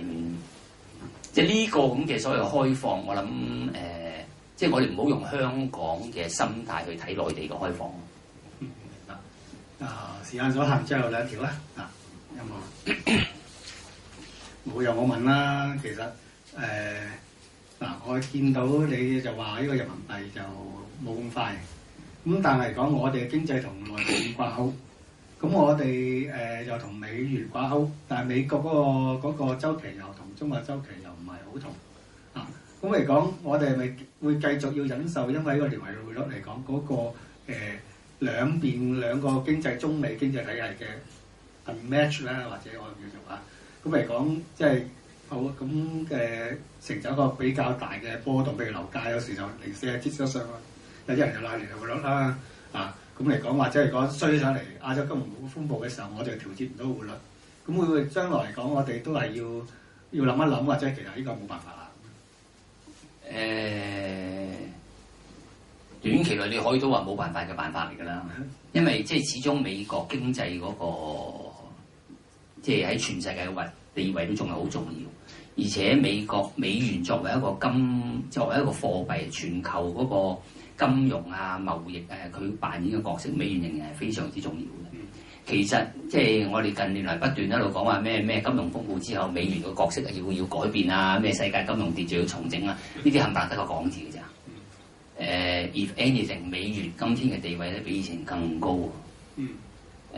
Speaker 1: 即係呢個咁嘅所謂開放，我諗誒、呃，即係我哋唔好用香港嘅心態去睇內地嘅開放。
Speaker 2: 啊，時間所限，最後兩條啦。啊！冇又冇問啦，其實誒嗱、呃啊，我見到你就話呢個人民幣就冇咁快，咁但係嚟講，我哋經濟同內地掛鈎，咁我哋誒又同美元掛鈎，但係美國嗰個嗰個周期又同中國周期又唔係好同啊，咁嚟講，我哋咪會繼續要忍受，因為呢個聯繫匯率嚟講嗰個誒兩邊兩個經濟，中美經濟體系嘅 match 咧，或者我唔叫做啊。咁嚟講，即係好咁嘅，成就一個比較大嘅波動，譬如樓價有時就零四啊跌咗上去，有啲人就拉年匯率啦啊。咁嚟講，或者嚟講衰起上嚟，亞洲金融風暴嘅時候，我就調節唔到匯率。咁會唔會將來嚟講，我哋都係要要諗一諗，或者其實呢個冇辦法啦。誒，
Speaker 1: 短期內你可以都話冇辦法嘅辦法嚟㗎啦，因為即係始終美國經濟嗰個。即係喺全世界嘅位地位都仲係好重要，而且美國美元作為一個金作為一個貨幣，全球嗰個金融啊、貿易誒、啊，佢扮演嘅角色，美元仍然係非常之重要嘅。其實即係我哋近年來不斷喺度講話咩咩金融風暴之後，美元嘅角色要要改變啊，咩世界金融秩序要重整啊，呢啲冚唪唥得個講字嘅咋。誒、嗯、if anything，美元今天嘅地位咧比以前更高啊。嗯。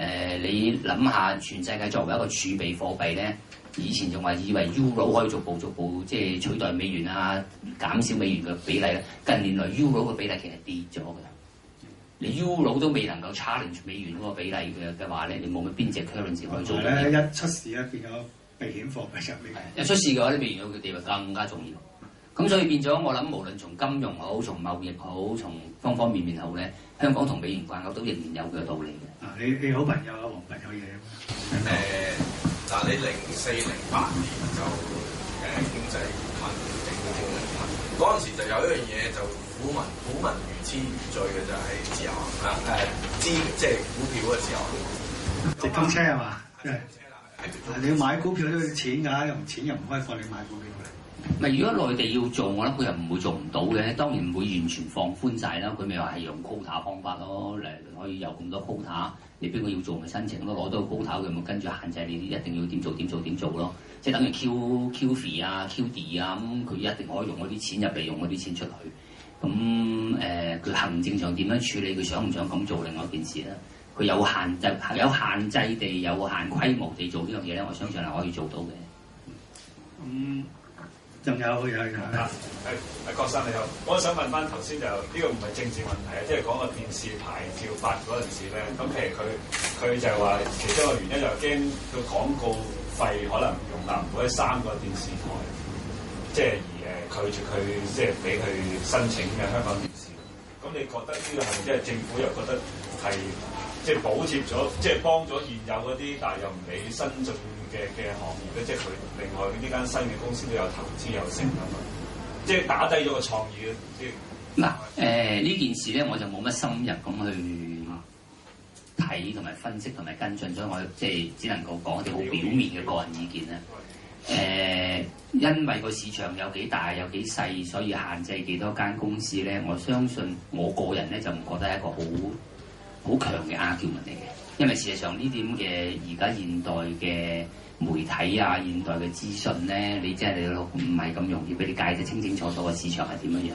Speaker 1: 誒、呃，你諗下，全世界作為一個儲備貨幣咧，以前仲話以為歐、e、元可以逐步逐步即係取代美元啊，減少美元嘅比例咧。近年來歐元嘅比例其實跌咗㗎，你 u 歐元都未能夠 challenge 美元嗰個比例嘅嘅話咧，你冇乜邊隻 currency 可以做嘅。係啦，一
Speaker 2: 出事咧變咗避險貨幣入面。一出
Speaker 1: 事嘅話，呢變咗佢地位更加重要。咁所以變咗，我諗無論從金融好，從貿易好，從方方面面好咧，香港同美元掛鈎都仍然有佢嘅道理嘅。啊，你你好朋友啊，黃朋友嘢啊？誒，嗱、呃呃，你零四零八年就誒
Speaker 2: 經濟環境嗰啲，嗰陣時就有一樣嘢就股民股民如痴如醉嘅就係自由行啊，誒，資即係股票嘅資產。直通車係嘛？係那。你要買股票都要錢㗎，又唔錢又唔開放你買股票。咪如果內
Speaker 1: 地要做，我覺得佢又唔會做唔到嘅。當然唔會完全放寬晒啦。佢咪話係用 quota 方法咯，嚟可以有咁多 quota。你邊個要做咪申請咯？攞到個 quota 佢咪跟住限制你，一定要點做點做點做咯。即係等於 QFII 啊、QDII 啊咁，佢一定可以用我啲錢入嚟，用我啲錢出去。咁誒，佢、呃、行政上點樣處理？佢想唔想咁做另外一件事咧？佢有限制，有限制，有限制地、有限規模地做呢樣嘢咧。我相信係可以做到嘅。
Speaker 2: 咁。嗯仲有，好有嘅，係啊！係係，郭生你好，我想問翻頭先就呢個唔係政治問題啊，即係講個電視牌照發嗰陣時咧，咁、mm hmm. 其實佢佢就話其中一個原因就係驚個廣告費可能容納唔到嗰三個電視台，即係而誒拒絕佢即係俾佢申請嘅香港電視。咁你覺得呢個係即係政府又覺得係？即係補貼咗，即係幫咗現有嗰啲，但係又唔理新
Speaker 1: 進嘅嘅行業咯。即係佢另外呢間新嘅公司都有投資有成咁，即係打低咗個創意咯。嗱，誒呢、呃、件事咧，我就冇乜深入咁去睇同埋分析同埋跟進，所以我即係只能夠講一啲好表面嘅個人意見啦。誒了解、呃，因為個市場有幾大有幾細，所以限制幾多間公司咧。我相信我個人咧就唔覺得係一個好好強嘅 argument 嚟嘅，因為事實上呢點嘅而家現代嘅媒體啊，現代嘅資訊咧，你即係你老唔係咁容易俾你解釋清清楚楚嘅市場係點樣樣。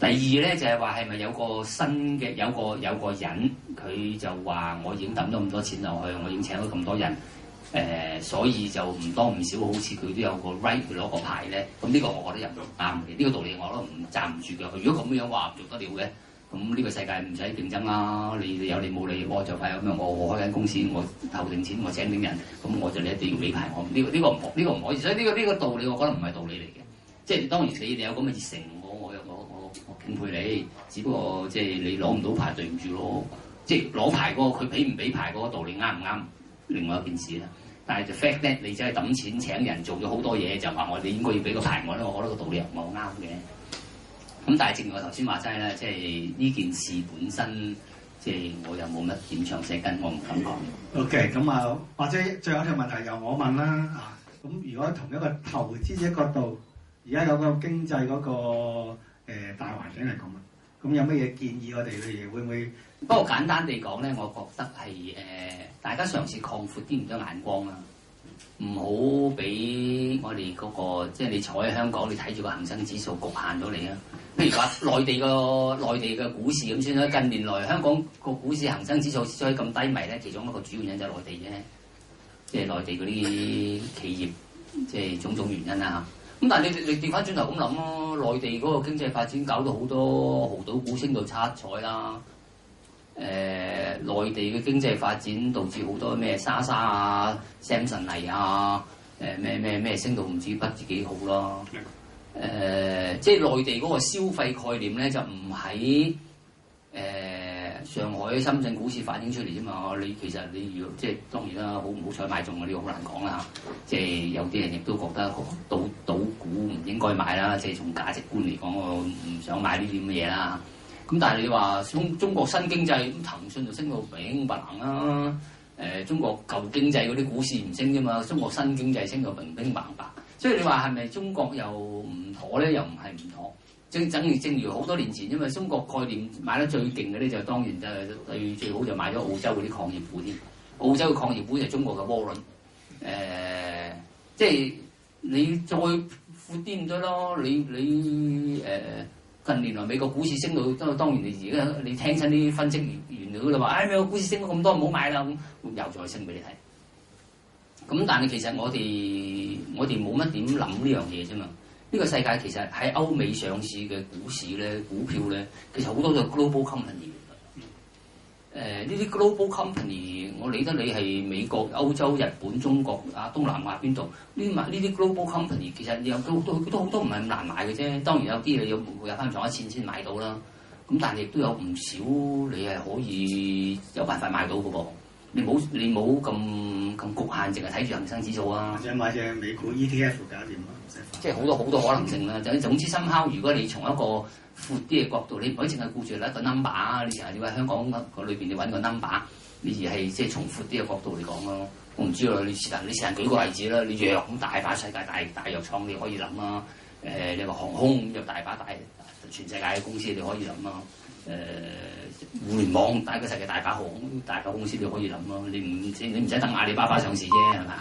Speaker 1: 第二咧就係話係咪有個新嘅，有個有個人佢就話我已經抌咗咁多錢落去，我已經請咗咁多人，誒、呃，所以就唔多唔少，好似佢都有個 right 佢攞個牌咧，咁呢個我覺得入有啱嘅，呢、呢個道理我都唔站唔住腳。如果咁樣話唔做得了嘅？咁呢個世界唔使競爭啦，你有你冇你，我就快咁咩？我我開緊公司，我投定錢，我請定人，咁我就你一定要俾牌我。呢，呢，呢個唔，呢個唔，呢個唔可以，所以呢個，呢個道理我覺得唔係道理嚟嘅。即係當然你哋有咁嘅熱誠，我我又我我，我，我敬佩你。只不過即係你攞唔到牌，對唔住咯。即係攞牌嗰個佢俾唔俾牌嗰個道理啱唔啱？另外一件事啦。但係就 fact 咧，你真係揼錢請人做咗好多嘢，就話我哋應該要俾個牌我咧，我覺得個道理又唔係好啱嘅。咁但係正如我頭先話齋咧，即係呢件事本身，即係我又冇乜現場寫跟，我唔敢講、
Speaker 2: 嗯。OK，咁啊，或者最後一條問題由我問啦咁、啊、如果同一個投資者角度，而家有個經濟嗰、那個、呃、大環境嚟講啊，咁有乜嘢建議我哋會唔會？不
Speaker 1: 過簡單地講咧，我覺得係誒、呃，大家嘗試擴闊啲唔多眼光啊，唔好俾我哋嗰、那個即係你坐喺香港，你睇住個恒生指數局限到你啊！嗯譬如話內地個內地嘅股市咁算啦，近年來香港個股市恒生指數之所以咁低迷咧，其中一個主要原因就係內地啫，即係內地嗰啲企業，即係種種原因啦嚇。咁、啊、但係你你調翻轉頭咁諗咯，內地嗰個經濟發展搞到好多濠賭股升到七彩啦，誒、呃、內地嘅經濟發展導致好多咩莎莎啊、Samsonite 啊、誒咩咩咩升到唔知不知幾好咯。啊誒、呃，即係內地嗰個消費概念咧，就唔喺誒上海、深圳股市反映出嚟啫嘛。你其實你要即係當然啦，好唔好彩買中呢個好難講啦。即係有啲人亦都覺得、哦、賭賭股唔應該買啦。即係從價值觀嚟講，我唔想買呢啲咁嘅嘢啦。咁但係你話中中國新經濟，嗯、騰訊就升到明明白白啦。誒、呃，中國舊經濟嗰啲股市唔升啫嘛。中國新經濟升到明明白白。即係你話係咪中國又唔妥咧？又唔係唔妥。正等如正如好多年前，因為中國概念買得最勁嘅咧，就當然就係最最好就買咗澳洲嗰啲礦業股添。澳洲嘅礦業股就中國嘅窩輪。誒、呃，即係你再闊啲唔得咯。你你誒、呃、近年來美國股市升到，都當然你而家你聽親啲分析員料啦，話誒美國股市升咗咁多，唔好買啦，咁又再升俾你睇。咁但係其實我哋我哋冇乜點諗呢樣嘢啫嘛？呢個世界其實喺歐美上市嘅股市咧，股票咧，其實好多都係 global company。誒、呃，呢啲 global company，我理得你係美國、歐洲、日本、中國啊、東南亞邊度？呢啲呢啲 global company 其實有都都好多唔係咁難買嘅啫。當然有啲你有有翻上一千先買到啦。咁但係亦都有唔少你係可以有辦法買到嘅噃。你冇你冇咁咁侷限，淨係睇住恒生指數啊！或者買隻美股 ETF 搞掂啦，即係好多好多可能性啦、啊。 總之深敲，如果你從一個闊啲嘅角度，你唔可以淨係顧住你一個 number 啊！你成日點解香港嗰嗰裏邊你揾個 number，你而係即係從闊啲嘅角度嚟講咯、啊。我唔知道你你成日舉個例子啦。你弱咁大把世界大大，大油廠你可以諗啊。誒、呃，你話航空咁又大把大，大全世界嘅公司你可以諗咯、啊。誒、呃。互聯網大個世界大把行、大，家大把公司都可以諗咯。你唔， 你唔使等阿里巴巴上市啫，係嘛？